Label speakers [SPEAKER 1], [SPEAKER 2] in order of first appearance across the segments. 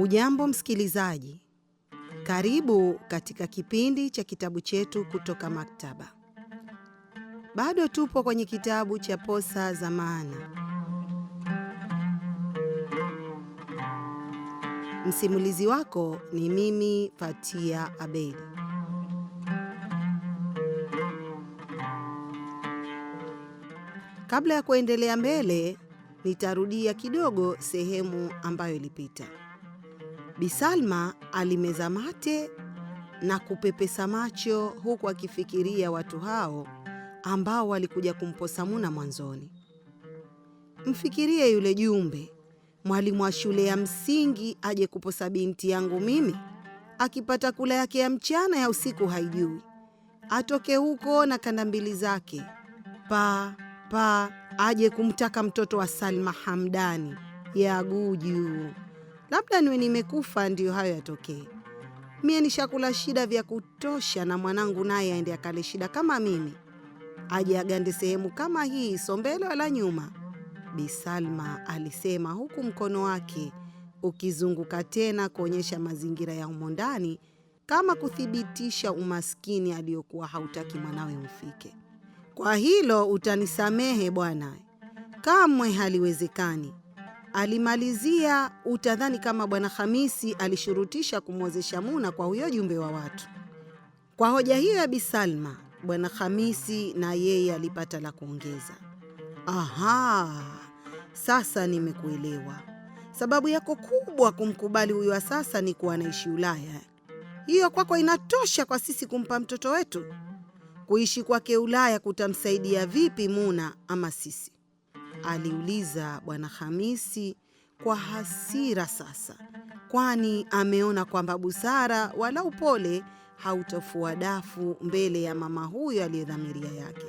[SPEAKER 1] ujambo msikilizaji, karibu katika kipindi cha kitabu chetu kutoka maktaba. Bado tupo kwenye kitabu cha Posa za Maana. Msimulizi wako ni mimi Fatia Abedi. Kabla ya kuendelea mbele, nitarudia kidogo sehemu ambayo ilipita. Bisalma alimeza mate na kupepesa macho huku akifikiria watu hao ambao walikuja kumposa Muna mwanzoni. Mfikirie yule Jumbe, mwalimu wa shule ya msingi, aje kuposa binti yangu mimi, akipata kula yake ya mchana ya usiku haijui, atoke huko na kanda mbili zake pa pa, aje kumtaka mtoto wa Salma Hamdani ya guju labda niwe nimekufa ndiyo hayo yatokee. Mie nishakula shida vya kutosha, na mwanangu naye aende akale shida kama mimi, aje agande sehemu kama hii, so mbele wala nyuma. Bi Salma alisema huku mkono wake ukizunguka tena kuonyesha mazingira ya humo ndani, kama kuthibitisha umaskini aliyokuwa hautaki mwanawe ufike. Kwa hilo utanisamehe bwana, kamwe haliwezekani. Alimalizia, utadhani kama Bwana Hamisi alishurutisha kumwozesha Muna kwa huyo jumbe wa watu. Kwa hoja hiyo ya Bi Salma, Bwana Hamisi na yeye alipata la kuongeza. Aha, sasa nimekuelewa. Sababu yako kubwa kumkubali huyo wa sasa ni kuwa anaishi Ulaya. Hiyo kwako kwa inatosha kwa sisi kumpa mtoto wetu? Kuishi kwake Ulaya kutamsaidia vipi Muna ama sisi? aliuliza Bwana Hamisi kwa hasira sasa, kwani ameona kwamba busara wala upole hautafua dafu mbele ya mama huyo aliyedhamiria yake.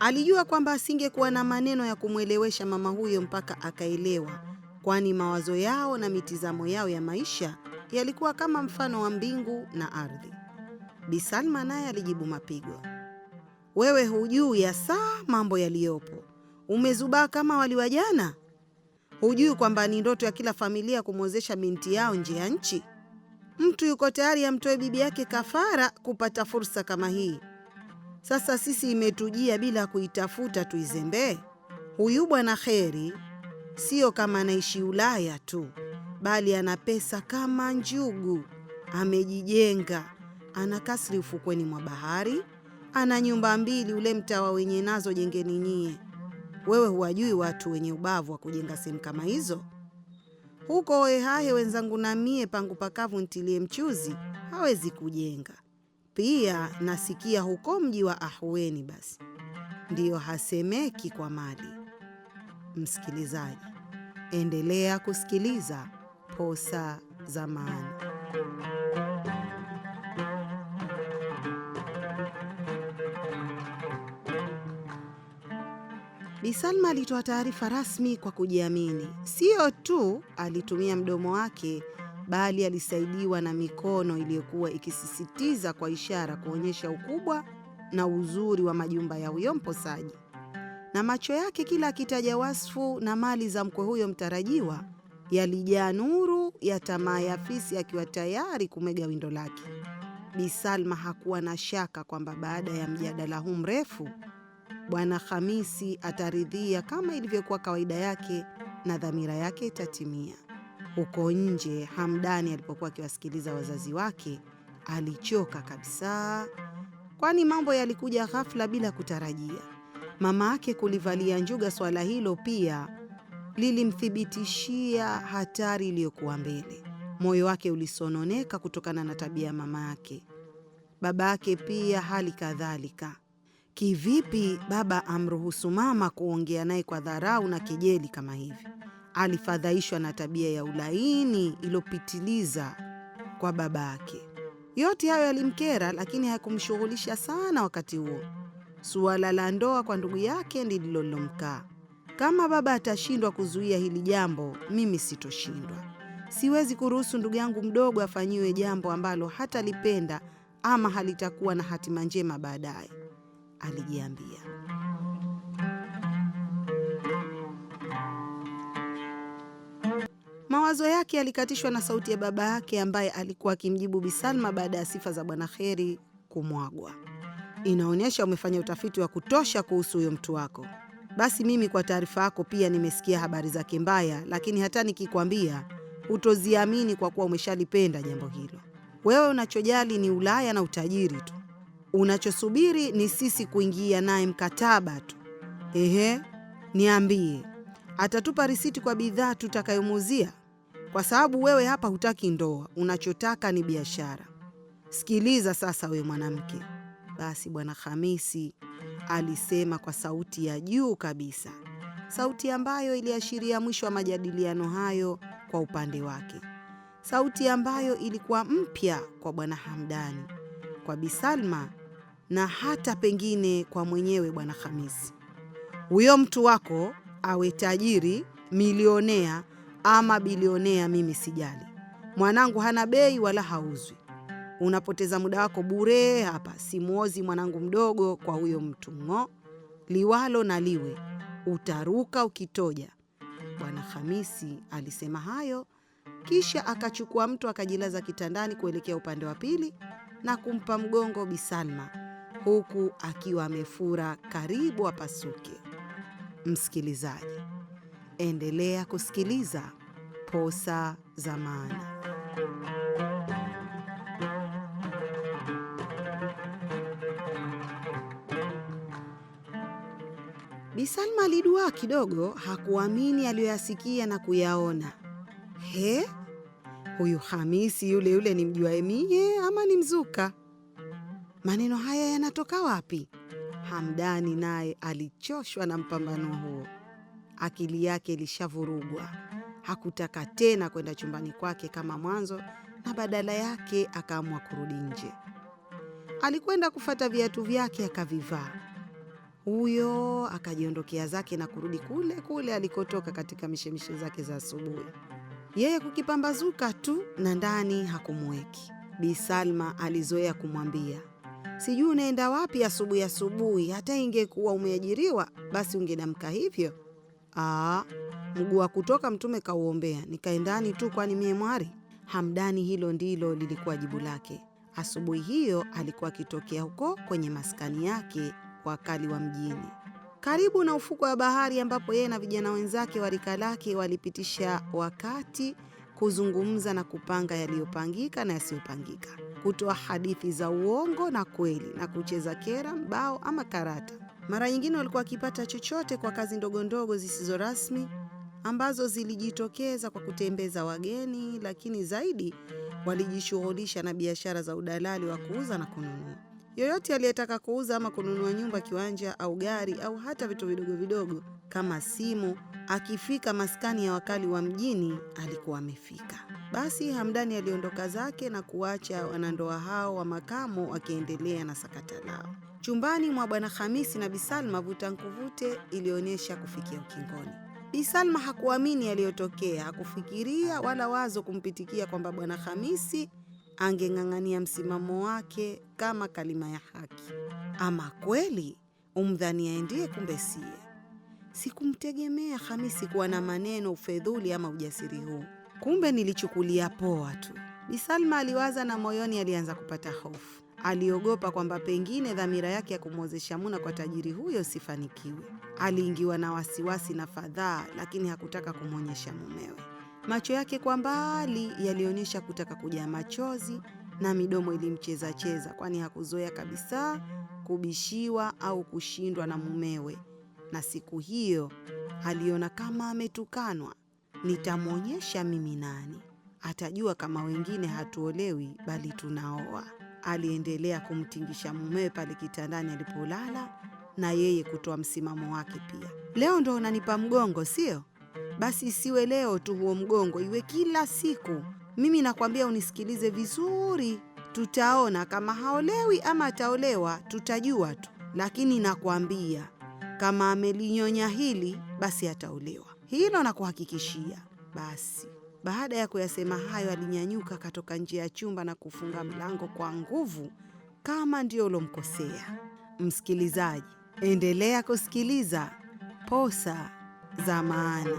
[SPEAKER 1] Alijua kwamba asingekuwa na maneno ya kumwelewesha mama huyo mpaka akaelewa, kwani mawazo yao na mitizamo yao ya maisha yalikuwa kama mfano wa mbingu na ardhi. Bi Salma naye alijibu mapigo, wewe hujui ya saa mambo yaliyopo umezubaa kama waliwa jana? Hujui kwamba ni ndoto ya kila familia kumwozesha binti yao nje ya nchi? Mtu yuko tayari amtoe bibi yake kafara kupata fursa kama hii. Sasa sisi imetujia bila kuitafuta, tuizembee? Huyu bwana Kheri sio kama anaishi Ulaya tu, bali ana pesa kama njugu, amejijenga, ana kasri ufukweni mwa bahari, ana nyumba mbili ule mtawa wenye nazo jengeni nyie. Wewe huwajui watu wenye ubavu wa kujenga sehemu kama hizo? Huko hohehahe wenzangu, namie pangu pakavu ntilie mchuzi hawezi kujenga. Pia nasikia huko mji wa Ahueni basi ndiyo hasemeki kwa mali. Msikilizaji, endelea kusikiliza Posa za Maana. Bi Salma alitoa taarifa rasmi kwa kujiamini. Sio tu alitumia mdomo wake, bali alisaidiwa na mikono iliyokuwa ikisisitiza kwa ishara kuonyesha ukubwa na uzuri wa majumba ya huyo mposaji, na macho yake kila akitaja wasfu na mali za mkwe huyo mtarajiwa yalijaa nuru ya tamaa ya fisi, akiwa tayari kumega windo lake. Bi Salma hakuwa na shaka kwamba baada ya mjadala huu mrefu Bwana Hamisi ataridhia kama ilivyokuwa kawaida yake na dhamira yake itatimia. Huko nje, Hamdani alipokuwa akiwasikiliza wazazi wake alichoka kabisa, kwani mambo yalikuja ghafla bila kutarajia. Mama yake kulivalia njuga swala hilo pia lilimthibitishia hatari iliyokuwa mbele. Moyo wake ulisononeka kutokana na tabia ya mama yake. Baba yake pia hali kadhalika Kivipi baba amruhusu mama kuongea naye kwa dharau na kejeli kama hivi? Alifadhaishwa na tabia ya ulaini iliyopitiliza kwa baba yake. Yote hayo yalimkera, lakini hayakumshughulisha sana wakati huo. Suala la ndoa kwa ndugu yake ndilo lilomkaa. Kama baba atashindwa kuzuia hili jambo, mimi sitoshindwa. Siwezi kuruhusu ndugu yangu mdogo afanyiwe jambo ambalo hatalipenda ama halitakuwa na hatima njema baadaye alijiambia. Mawazo yake yalikatishwa na sauti ya baba yake ambaye alikuwa akimjibu Bi Salma baada ya sifa za Bwana Kheri kumwagwa. Inaonyesha umefanya utafiti wa kutosha kuhusu huyo mtu wako. Basi mimi kwa taarifa yako pia nimesikia habari zake mbaya, lakini hata nikikwambia hutoziamini kwa kuwa umeshalipenda jambo hilo. Wewe unachojali ni Ulaya na utajiri tu. Unachosubiri ni sisi kuingia naye mkataba tu. Ehe, niambie, atatupa risiti kwa bidhaa tutakayomuuzia? Kwa sababu wewe hapa hutaki ndoa, unachotaka ni biashara. Sikiliza sasa, we mwanamke. Basi Bwana Hamisi alisema kwa sauti ya juu kabisa, sauti ambayo iliashiria mwisho wa majadiliano hayo kwa upande wake, sauti ambayo ilikuwa mpya kwa Bwana Hamdani. Kwa Bisalma na hata pengine kwa mwenyewe Bwana Hamisi. Huyo mtu wako awe tajiri, milionea ama bilionea, mimi sijali. Mwanangu hana bei wala hauzwi. Unapoteza muda wako bure hapa. Simwozi mwanangu mdogo kwa huyo mtu ng'o. Liwalo na liwe, utaruka ukitoja. Bwana Hamisi alisema hayo, kisha akachukua mtu akajilaza kitandani kuelekea upande wa pili na kumpa mgongo Bi Salma huku akiwa amefura karibu apasuke. Msikilizaji, endelea kusikiliza Posa za Maana. Bi Salma kidogo, hakuamini aliyoyasikia na kuyaona. He, huyu Hamisi yule yule nimjuaye mie ama ni mzuka? maneno haya yanatoka wapi? Hamdani naye alichoshwa na mpambano huo, akili yake ilishavurugwa. Hakutaka tena kwenda chumbani kwake kama mwanzo, na badala yake akaamua kurudi nje. Alikwenda kufata viatu vyake akavivaa. Huyo akajiondokea zake na kurudi kule kule alikotoka katika mishemishe zake za asubuhi. Yeye kukipambazuka tu na ndani hakumuweki. Bi Salma alizoea kumwambia Sijui unaenda wapi asubuhi asubuhi, hata ingekuwa umeajiriwa basi ungedamka hivyo. Aa, mguu wa kutoka Mtume kauombea, nikaendani tu, kwani mie mwari? Hamdani hilo ndilo lilikuwa jibu lake. Asubuhi hiyo alikuwa akitokea huko kwenye maskani yake wakali wa mjini karibu na ufukwe wa bahari, ambapo yeye na vijana wenzake wa rika lake walipitisha wakati kuzungumza na kupanga yaliyopangika na yasiyopangika, kutoa hadithi za uongo na kweli, na kucheza kera, mbao ama karata. Mara nyingine walikuwa wakipata chochote kwa kazi ndogo ndogo zisizo rasmi ambazo zilijitokeza kwa kutembeza wageni, lakini zaidi walijishughulisha na biashara za udalali wa kuuza na kununua. Yoyote aliyetaka kuuza ama kununua nyumba, kiwanja au gari au hata vitu vidogo vidogo kama simu, akifika maskani ya wakali wa mjini alikuwa amefika. Basi Hamdani aliondoka zake na kuacha wanandoa hao wa makamo wakiendelea na sakata lao. Chumbani mwa Bwana Hamisi na Bisalma vuta nkuvute ilionyesha kufikia ukingoni. Bisalma hakuamini yaliyotokea, hakufikiria wala wazo kumpitikia kwamba Bwana Hamisi angeng'ang'ania msimamo wake kama kalima ya haki. Ama kweli umdhania ndiye, kumbe sie Sikumtegemea Hamisi kuwa na maneno, ufedhuli ama ujasiri huu, kumbe nilichukulia poa tu. Bi Salma aliwaza na moyoni alianza kupata hofu. Aliogopa kwamba pengine dhamira yake ya kumwozesha Muna kwa tajiri huyo sifanikiwe. Aliingiwa na wasiwasi na fadhaa, lakini hakutaka kumwonyesha mumewe. Macho yake kwa mbali yalionyesha kutaka kujaa machozi na midomo ilimcheza cheza, kwani hakuzoea kabisa kubishiwa au kushindwa na mumewe, na siku hiyo aliona kama ametukanwa. Nitamwonyesha mimi nani, atajua kama wengine hatuolewi bali tunaoa. Aliendelea kumtingisha mumewe pale kitandani alipolala, na yeye kutoa msimamo wake pia. Leo ndo unanipa mgongo, sio? Basi isiwe leo tu huo mgongo, iwe kila siku. Mimi nakwambia unisikilize vizuri, tutaona kama haolewi ama ataolewa, tutajua tu, lakini nakwambia kama amelinyonya hili, basi ataolewa, hilo nakuhakikishia. Basi baada ya kuyasema hayo, alinyanyuka akatoka nje ya chumba na kufunga mlango kwa nguvu, kama ndio ulomkosea. Msikilizaji, endelea kusikiliza Posa za maana.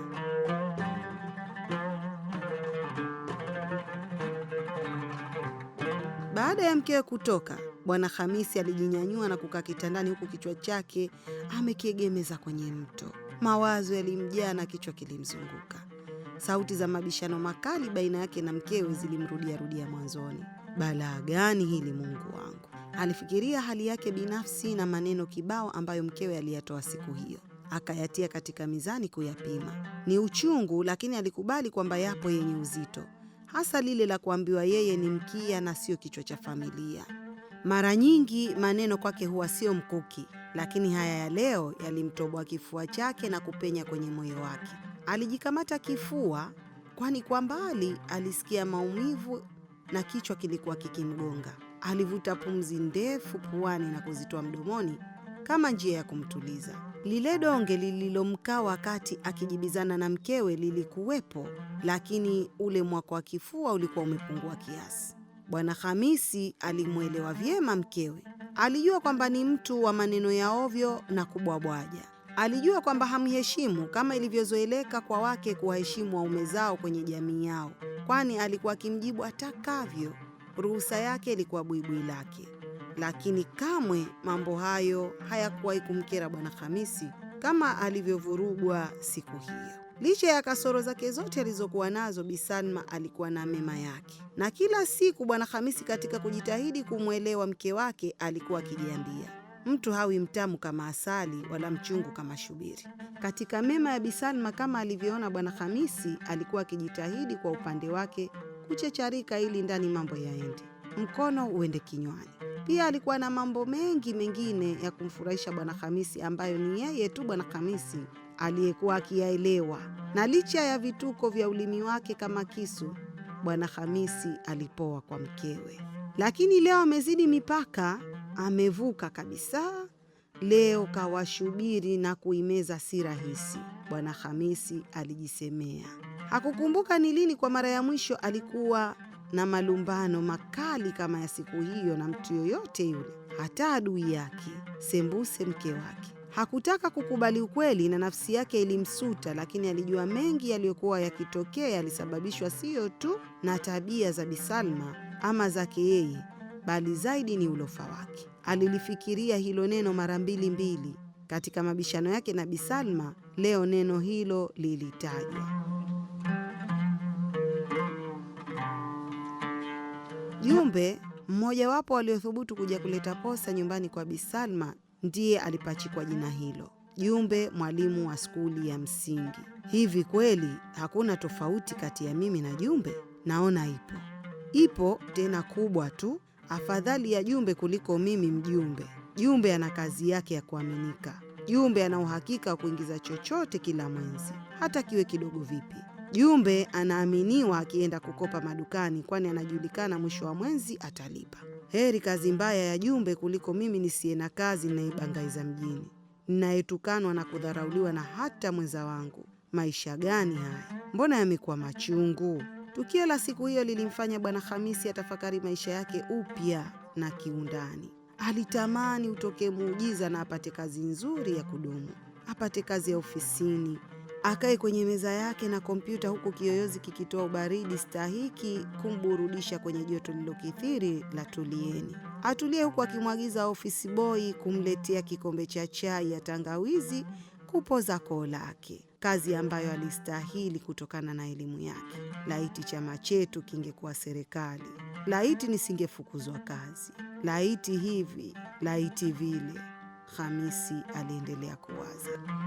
[SPEAKER 1] Baada ya mkewe kutoka, Bwana Hamisi alijinyanyua na kukaa kitandani, huku kichwa chake amekiegemeza kwenye mto. Mawazo yalimjaa na kichwa kilimzunguka. Sauti za mabishano makali baina yake na mkewe zilimrudiarudia mwanzoni. Balaa gani hili, Mungu wangu! Alifikiria hali yake binafsi na maneno kibao ambayo mkewe aliyatoa siku hiyo akayatia katika mizani kuyapima. Ni uchungu, lakini alikubali kwamba yapo yenye uzito, hasa lile la kuambiwa yeye ni mkia na sio kichwa cha familia. Mara nyingi maneno kwake huwa sio mkuki, lakini haya ya leo yalimtoboa kifua chake na kupenya kwenye moyo wake. Alijikamata kifua, kwani kwa mbali alisikia maumivu na kichwa kilikuwa kikimgonga. Alivuta pumzi ndefu puani na kuzitoa mdomoni kama njia ya kumtuliza. Lile donge lililomkaa wakati akijibizana na mkewe lilikuwepo, lakini ule mwako wa kifua ulikuwa umepungua kiasi. Bwana Hamisi alimwelewa vyema mkewe. Alijua kwamba ni mtu wa maneno ya ovyo na kubwabwaja. Alijua kwamba hamheshimu kama ilivyozoeleka kwa wake kuwaheshimu waume zao kwenye jamii yao, kwani alikuwa akimjibu atakavyo. Ruhusa yake ilikuwa buibui lake. Lakini kamwe mambo hayo hayakuwahi kumkera Bwana Hamisi kama alivyovurugwa siku hiyo. Licha ya kasoro zake zote alizokuwa nazo, Bi Salma alikuwa na mema yake, na kila siku Bwana Hamisi katika kujitahidi kumwelewa mke wake alikuwa akijiambia mtu hawi mtamu kama asali wala mchungu kama shubiri. Katika mema ya Bi Salma, kama alivyoona Bwana Khamisi, alikuwa akijitahidi kwa upande wake kuchecharika ili ndani mambo yaende, mkono uende kinywani. Pia alikuwa na mambo mengi mengine ya kumfurahisha Bwana Hamisi ambayo ni yeye tu Bwana Hamisi aliyekuwa akiyaelewa. Na licha ya vituko vya ulimi wake kama kisu, Bwana Hamisi alipoa kwa mkewe. Lakini leo amezidi mipaka, amevuka kabisa. Leo kawashubiri na kuimeza si rahisi, Bwana Hamisi alijisemea. Hakukumbuka ni lini kwa mara ya mwisho alikuwa na malumbano makali kama ya siku hiyo na mtu yoyote yule, hata adui yake sembuse mke wake. Hakutaka kukubali ukweli na nafsi yake ilimsuta, lakini alijua mengi yaliyokuwa yakitokea yalisababishwa siyo tu na tabia za Bisalma ama zake yeye, bali zaidi ni ulofa wake. Alilifikiria hilo neno mara mbili mbili katika mabishano yake na Bisalma. Leo neno hilo lilitajwa. Jumbe mmojawapo waliothubutu kuja kuleta posa nyumbani kwa Bi Salma ndiye alipachikwa jina hilo. Jumbe, mwalimu wa skuli ya msingi. Hivi kweli hakuna tofauti kati ya mimi na Jumbe? Naona ipo, ipo tena kubwa tu, afadhali ya Jumbe kuliko mimi mjumbe. Jumbe ana kazi yake ya kuaminika. Jumbe ana uhakika wa kuingiza chochote kila mwezi, hata kiwe kidogo vipi. Jumbe anaaminiwa akienda kukopa madukani, kwani anajulikana mwisho wa mwezi atalipa. Heri kazi mbaya ya Jumbe kuliko mimi nisiye na kazi, ninayebangaiza mjini, ninayetukanwa na kudharauliwa na hata mwenza wangu. Maisha gani haya? Mbona yamekuwa machungu? Tukio la siku hiyo lilimfanya Bwana Hamisi atafakari maisha yake upya na kiundani. Alitamani utokee muujiza na apate kazi nzuri ya kudumu, apate kazi ya ofisini akae kwenye meza yake na kompyuta huku kiyoyozi kikitoa ubaridi stahiki kumburudisha kwenye joto lilokithiri la Tulieni. Atulie huku akimwagiza ofisi boi kumletea kikombe cha chai ya tangawizi kupoza koo lake, kazi ambayo alistahili kutokana na elimu yake. Laiti chama chetu kingekuwa serikali, laiti nisingefukuzwa kazi, laiti hivi, laiti vile, Hamisi aliendelea kuwaza.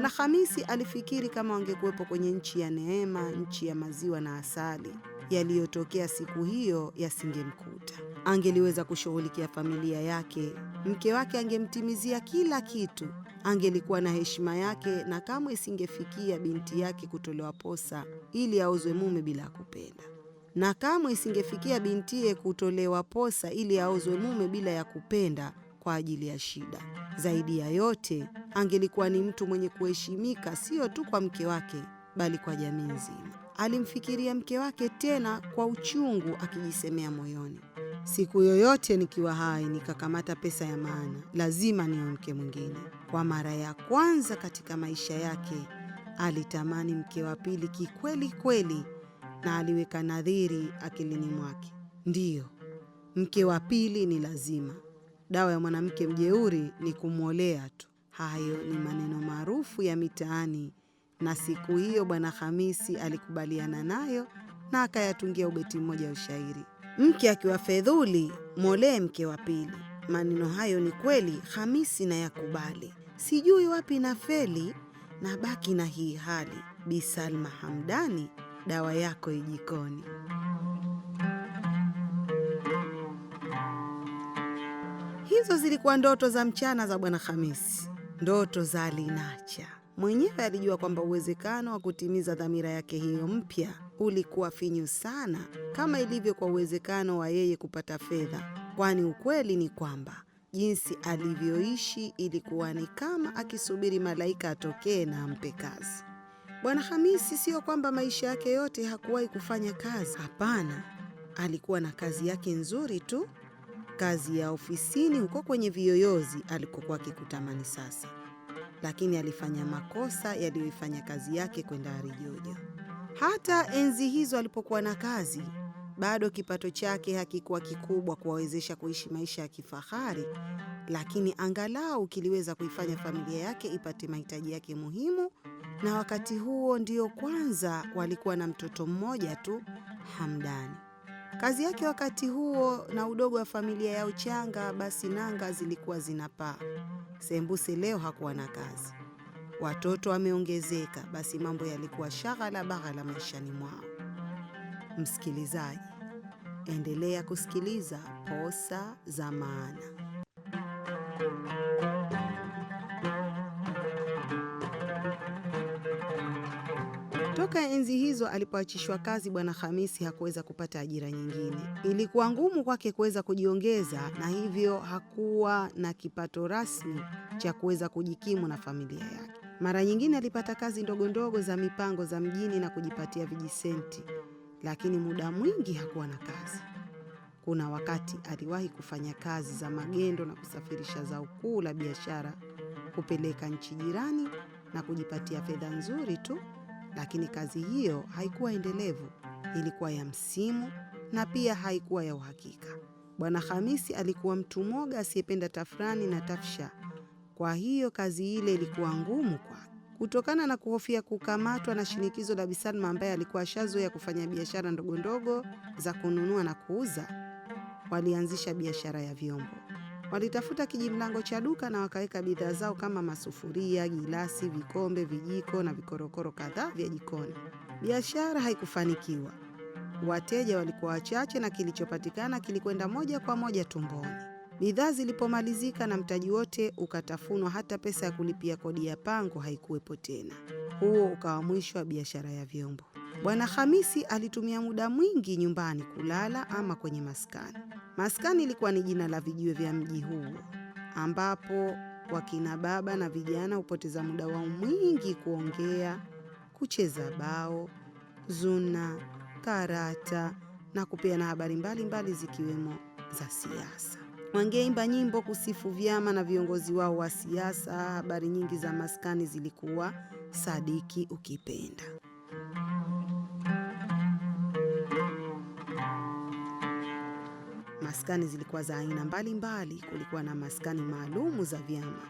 [SPEAKER 1] Bwana Hamisi alifikiri kama wangekuwepo kwenye nchi ya neema, nchi ya maziwa na asali, yaliyotokea siku hiyo yasingemkuta. Angeliweza kushughulikia familia yake, mke wake angemtimizia kila kitu, angelikuwa na heshima yake, na kamwe isingefikia binti yake kutolewa posa ili aozwe mume bila kupenda, na kamwe isingefikia bintiye kutolewa posa ili aozwe mume bila ya kupenda kwa ajili ya shida. Zaidi ya yote angelikuwa ni mtu mwenye kuheshimika, sio tu kwa mke wake, bali kwa jamii nzima. Alimfikiria mke wake tena kwa uchungu, akijisemea moyoni, siku yoyote nikiwa hai nikakamata pesa ya maana, lazima niwe mke mwingine. Kwa mara ya kwanza katika maisha yake alitamani mke wa pili kikweli kweli, na aliweka nadhiri akilini mwake, ndiyo mke wa pili ni lazima. Dawa ya mwanamke mjeuri ni kumwolea tu. Hayo ni maneno maarufu ya mitaani, na siku hiyo Bwana Hamisi alikubaliana nayo na akayatungia ubeti mmoja wa ushairi: mke akiwa fedhuli, molee mke wa pili. Maneno hayo ni kweli, Hamisi na yakubali sijui wapi na feli, na baki na hii hali. Bi Salma Hamdani, dawa yako ijikoni. Hizo zilikuwa ndoto za mchana za Bwana Hamisi ndoto za Alinacha. Mwenyewe alijua kwamba uwezekano wa kutimiza dhamira yake hiyo mpya ulikuwa finyu sana, kama ilivyo kwa uwezekano wa yeye kupata fedha, kwani ukweli ni kwamba jinsi alivyoishi ilikuwa ni kama akisubiri malaika atokee na ampe kazi. Bwana Hamisi sio kwamba maisha yake yote hakuwahi kufanya kazi. Hapana, alikuwa na kazi yake nzuri tu kazi ya ofisini huko kwenye viyoyozi alikokuwa akikutamani sasa, lakini alifanya makosa yaliyoifanya kazi yake kwenda harijojo. Hata enzi hizo alipokuwa na kazi bado kipato chake hakikuwa kikubwa kuwawezesha kuishi maisha ya kifahari, lakini angalau kiliweza kuifanya familia yake ipate mahitaji yake muhimu. Na wakati huo ndio kwanza walikuwa na mtoto mmoja tu, Hamdani. Kazi yake wakati huo na udogo wa familia yao changa, basi nanga zilikuwa zinapaa. Sembuse leo hakuwa na kazi, watoto wameongezeka, basi mambo yalikuwa shaghala baghala maishani mwao. Msikilizaji, endelea kusikiliza Posa za Maana. ya enzi hizo alipoachishwa kazi Bwana Hamisi hakuweza kupata ajira nyingine. Ilikuwa ngumu kwake kuweza kujiongeza, na hivyo hakuwa na kipato rasmi cha kuweza kujikimu na familia yake. Mara nyingine alipata kazi ndogo ndogo za mipango za mjini na kujipatia vijisenti, lakini muda mwingi hakuwa na kazi. Kuna wakati aliwahi kufanya kazi za magendo na kusafirisha zao kuu la biashara kupeleka nchi jirani na kujipatia fedha nzuri tu lakini kazi hiyo haikuwa endelevu, ilikuwa ya msimu na pia haikuwa ya uhakika. Bwana Hamisi alikuwa mtu moga asiyependa tafrani na tafsha, kwa hiyo kazi ile ilikuwa ngumu kwake. Kutokana na kuhofia kukamatwa na shinikizo la bisalma ambaye alikuwa ashazoea kufanya biashara ndogondogo za kununua na kuuza, walianzisha biashara ya vyombo. Walitafuta kijimlango cha duka na wakaweka bidhaa zao kama masufuria, gilasi, vikombe, vijiko na vikorokoro kadhaa vya jikoni. Biashara haikufanikiwa, wateja walikuwa wachache na kilichopatikana kilikwenda moja kwa moja tumboni. Bidhaa zilipomalizika na mtaji wote ukatafunwa, hata pesa ya kulipia kodi ya pango haikuwepo tena. Huo ukawa mwisho wa biashara ya vyombo. Bwana Hamisi alitumia muda mwingi nyumbani kulala ama kwenye maskani. Maskani ilikuwa ni jina la vijiwe vya mji huu ambapo wakina baba na vijana hupoteza muda wao mwingi kuongea, kucheza bao, zuna, karata na kupeana habari mbalimbali zikiwemo za siasa. Wangeimba nyimbo kusifu vyama na viongozi wao wa siasa. Habari nyingi za maskani zilikuwa sadiki ukipenda. Maskani zilikuwa za aina mbalimbali Kulikuwa na maskani maalumu za vyama,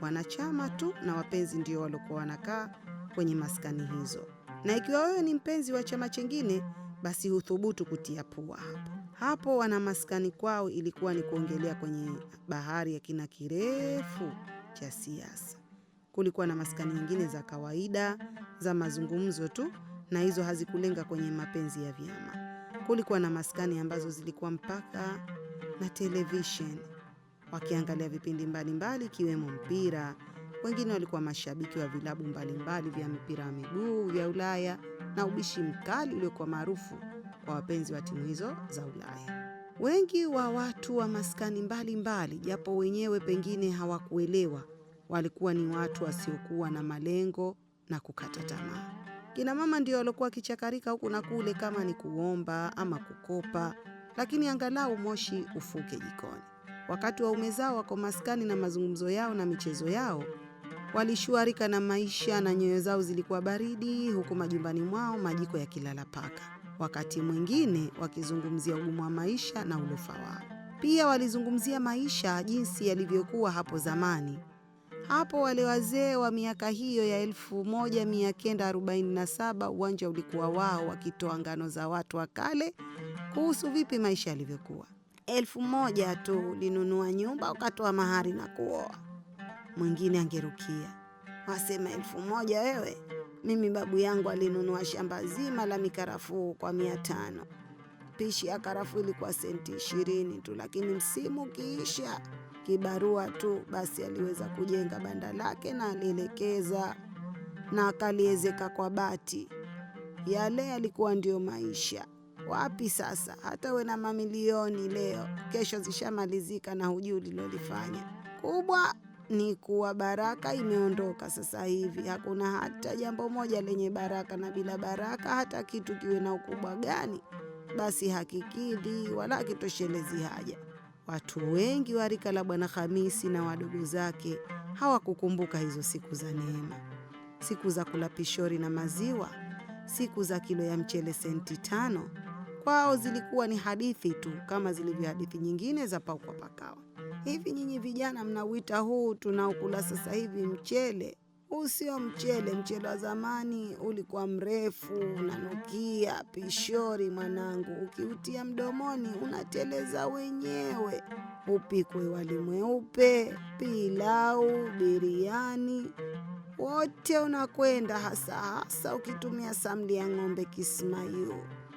[SPEAKER 1] wanachama tu na wapenzi ndio waliokuwa wanakaa kwenye maskani hizo, na ikiwa wewe ni mpenzi wa chama chengine, basi huthubutu kutia pua hapo hapo. Wana maskani kwao ilikuwa ni kuongelea kwenye bahari ya kina kirefu cha siasa. Kulikuwa na maskani nyingine za kawaida za mazungumzo tu, na hizo hazikulenga kwenye mapenzi ya vyama. Kulikuwa na maskani ambazo zilikuwa mpaka na televishen wakiangalia vipindi mbalimbali ikiwemo mpira. Wengine walikuwa mashabiki wa vilabu mbalimbali vya mpira wa miguu vya Ulaya na ubishi mkali uliokuwa maarufu kwa wapenzi wa timu hizo za Ulaya. Wengi wa watu wa maskani mbalimbali, japo wenyewe pengine hawakuelewa, walikuwa ni watu wasiokuwa na malengo na kukata tamaa. Kina mama ndio waliokuwa wakichakarika huku na kule, kama ni kuomba ama kukopa, lakini angalau moshi ufuke jikoni. Wakati waume zao wako maskani na mazungumzo yao na michezo yao, walishuarika na maisha na nyoyo zao zilikuwa baridi, huku majumbani mwao majiko yakilala paka, wakati mwingine wakizungumzia ugumu wa maisha na ulofa wao. Pia walizungumzia maisha jinsi yalivyokuwa hapo zamani, hapo wale wazee wa miaka hiyo ya 1947 uwanja ulikuwa wao, wakitoa ngano za watu wa kale kuhusu vipi maisha yalivyokuwa. Elfu moja tu ulinunua nyumba ukatoa mahari na kuoa. Mwingine angerukia wasema, elfu moja wewe? Mimi babu yangu alinunua shamba zima la mikarafuu kwa mia tano. Pishi ya karafuu ilikuwa senti ishirini tu, lakini msimu ukiisha kibarua tu, basi aliweza kujenga banda lake na alielekeza na akaliezeka kwa bati. Yale yalikuwa ndiyo maisha. Wapi sasa, hata we na mamilioni leo, kesho zishamalizika na hujui ulilolifanya. Kubwa ni kuwa baraka imeondoka sasa hivi, hakuna hata jambo moja lenye baraka, na bila baraka hata kitu kiwe na ukubwa gani, basi hakikidhi wala kitoshelezi haja. Watu wengi wa rika la Bwana hamisi na wadogo zake hawakukumbuka hizo siku za neema, siku za kula pishori na maziwa, siku za kilo ya mchele senti tano. Kwao zilikuwa ni hadithi tu, kama zilivyo hadithi nyingine za kwa pakawa. Hivi nyinyi vijana mnauita huu tunaokula sasa hivi mchele usio mchele. Mchele wa zamani ulikuwa mrefu unanukia pishori, mwanangu, ukiutia mdomoni unateleza wenyewe. Upikwe wali mweupe, pilau, biriani, wote unakwenda, hasa hasa ukitumia samli ya ng'ombe Kismayu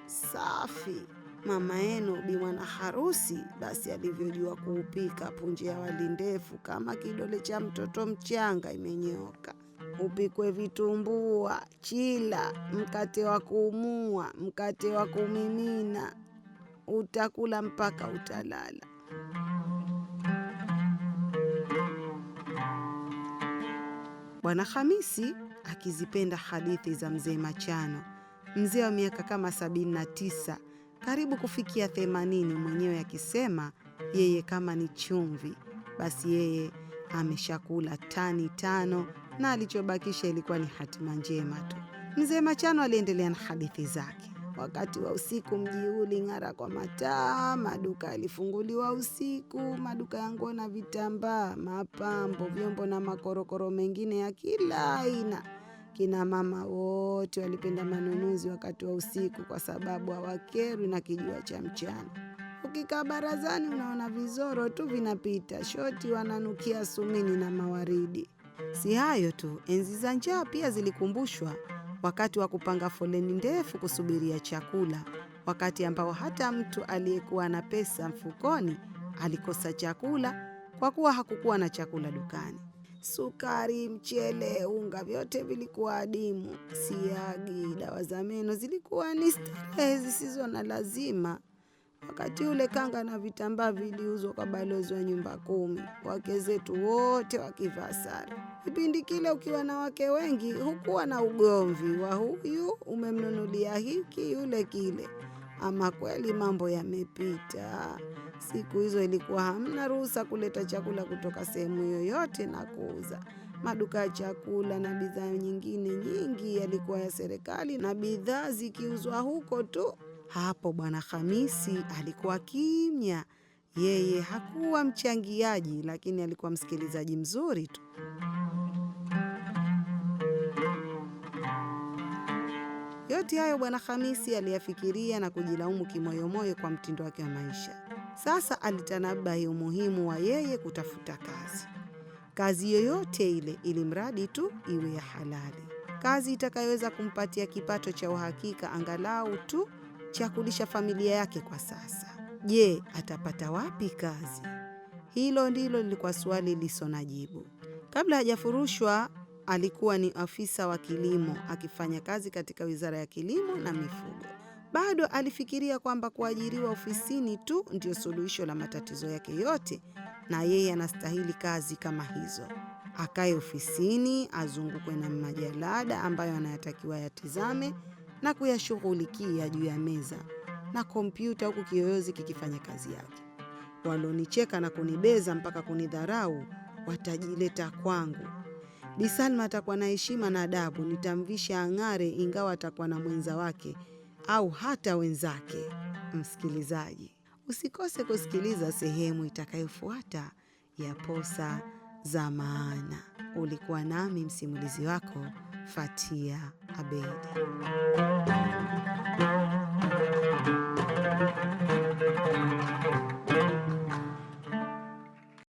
[SPEAKER 1] safi mama yenu bi mwana harusi basi alivyojua kuupika punje ya wali ndefu kama kidole cha mtoto mchanga imenyoka upikwe vitumbua, chila mkate wa kuumua, mkate wa kumimina, utakula mpaka utalala. Bwana Hamisi akizipenda hadithi za mzee Machano, mzee wa miaka kama 79 karibu kufikia 80, mwenyewe akisema yeye kama ni chumvi, basi yeye ameshakula tani tano na alichobakisha ilikuwa ni hatima njema tu. Mzee Machano aliendelea na hadithi zake. Wakati wa usiku mji huu uling'ara kwa mataa, maduka yalifunguliwa usiku, maduka ya nguo na vitambaa, mapambo, vyombo na makorokoro mengine ya kila aina. Kina mama wote walipenda manunuzi wakati wa usiku, kwa sababu hawakerwi na kijua cha mchana. Ukikaa barazani, unaona vizoro tu vinapita, shoti wananukia sumini na mawaridi. Si hayo tu, enzi za njaa pia zilikumbushwa wakati wa kupanga foleni ndefu kusubiria chakula, wakati ambao hata mtu aliyekuwa na pesa mfukoni alikosa chakula kwa kuwa hakukuwa na chakula dukani. Sukari, mchele, unga, vyote vilikuwa adimu. Siagi, dawa za meno zilikuwa ni starehe zisizo na lazima. Wakati ule kanga na vitambaa viliuzwa kwa balozi wa nyumba kumi, wake zetu wote wakivaa sare. Kipindi kile ukiwa na wake wengi, hukuwa na ugomvi wa huyu umemnunulia hiki yule kile. Ama kweli mambo yamepita. Siku hizo ilikuwa hamna ruhusa kuleta chakula kutoka sehemu yoyote na kuuza. Maduka ya chakula na bidhaa nyingine nyingi yalikuwa ya serikali, na bidhaa zikiuzwa huko tu hapo Bwana Khamisi alikuwa kimya. Yeye hakuwa mchangiaji, lakini alikuwa msikilizaji mzuri tu. Yote hayo Bwana Khamisi aliyafikiria na kujilaumu kimoyomoyo kwa mtindo wake wa maisha. Sasa alitanabahi umuhimu wa yeye kutafuta kazi, kazi yoyote ile, ili mradi tu iwe ya halali, kazi itakayoweza kumpatia kipato cha uhakika angalau tu cha kulisha familia yake kwa sasa. Je, atapata wapi kazi? Hilo ndilo lilikuwa swali lisilo na jibu. Kabla hajafurushwa alikuwa ni afisa wa kilimo akifanya kazi katika Wizara ya Kilimo na Mifugo. Bado alifikiria kwamba kuajiriwa ofisini tu ndio suluhisho la matatizo yake yote, na yeye anastahili kazi kama hizo, akae ofisini, azungukwe na majalada ambayo anayatakiwa yatizame na kuyashughulikia juu ya meza na kompyuta, huku kiyoyozi kikifanya kazi yake. Walonicheka na kunibeza mpaka kunidharau watajileta kwangu. Bi Salma atakuwa na heshima na adabu, nitamvisha ang'are, ingawa atakuwa na mwenza wake au hata wenzake. Msikilizaji, usikose kusikiliza sehemu itakayofuata ya Posa za Maana. Ulikuwa nami msimulizi wako Fatia Abedi.